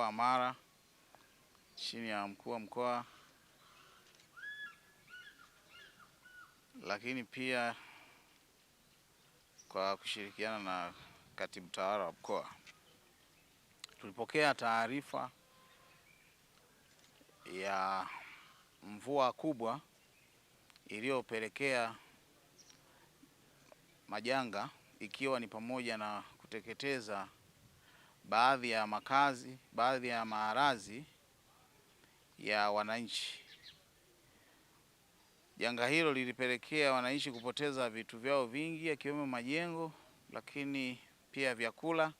mkoa wa Mara chini ya mkuu wa mkoa, lakini pia kwa kushirikiana na katibu tawala wa mkoa tulipokea taarifa ya mvua kubwa iliyopelekea majanga ikiwa ni pamoja na kuteketeza baadhi ya makazi, baadhi ya maarazi ya wananchi. Janga hilo lilipelekea wananchi kupoteza vitu vyao vingi, akiwemo majengo, lakini pia vyakula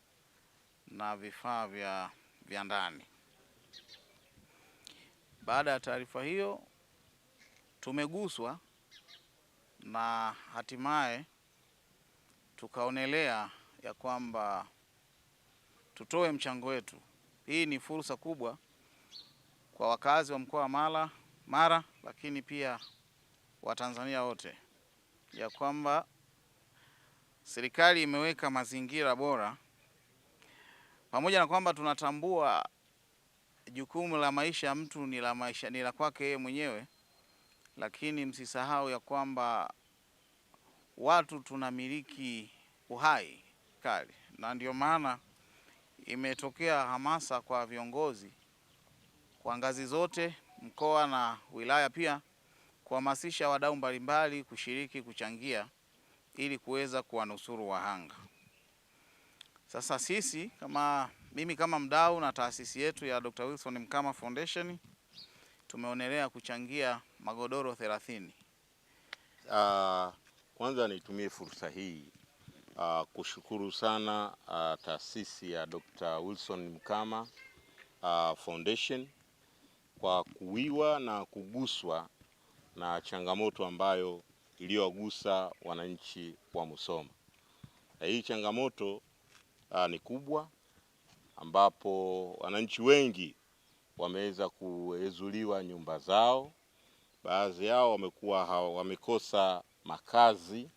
na vifaa vya vya ndani. Baada ya taarifa hiyo, tumeguswa na hatimaye tukaonelea ya kwamba tutoe mchango wetu. Hii ni fursa kubwa kwa wakazi wa mkoa wa Mara, Mara lakini pia Watanzania wote ya kwamba serikali imeweka mazingira bora, pamoja na kwamba tunatambua jukumu la maisha ya mtu ni la maisha ni la kwake yeye mwenyewe, lakini msisahau ya kwamba watu tunamiliki uhai kali, na ndio maana imetokea hamasa kwa viongozi kwa ngazi zote mkoa na wilaya pia kuhamasisha wadau mbalimbali kushiriki kuchangia ili kuweza kuwanusuru wahanga. Sasa sisi kama mimi kama mdau na taasisi yetu ya Dr. Wilson Mkama Foundation tumeonelea kuchangia magodoro 30. Uh, ah, kwanza nitumie fursa hii Uh, kushukuru sana uh, taasisi ya Dr. Wilson Mkama uh, Foundation kwa kuwiwa na kuguswa na changamoto ambayo iliyowagusa wananchi wa Musoma. Na eh, hii changamoto uh, ni kubwa ambapo wananchi wengi wameweza kuezuliwa nyumba zao, baadhi yao wamekuwa wamekosa makazi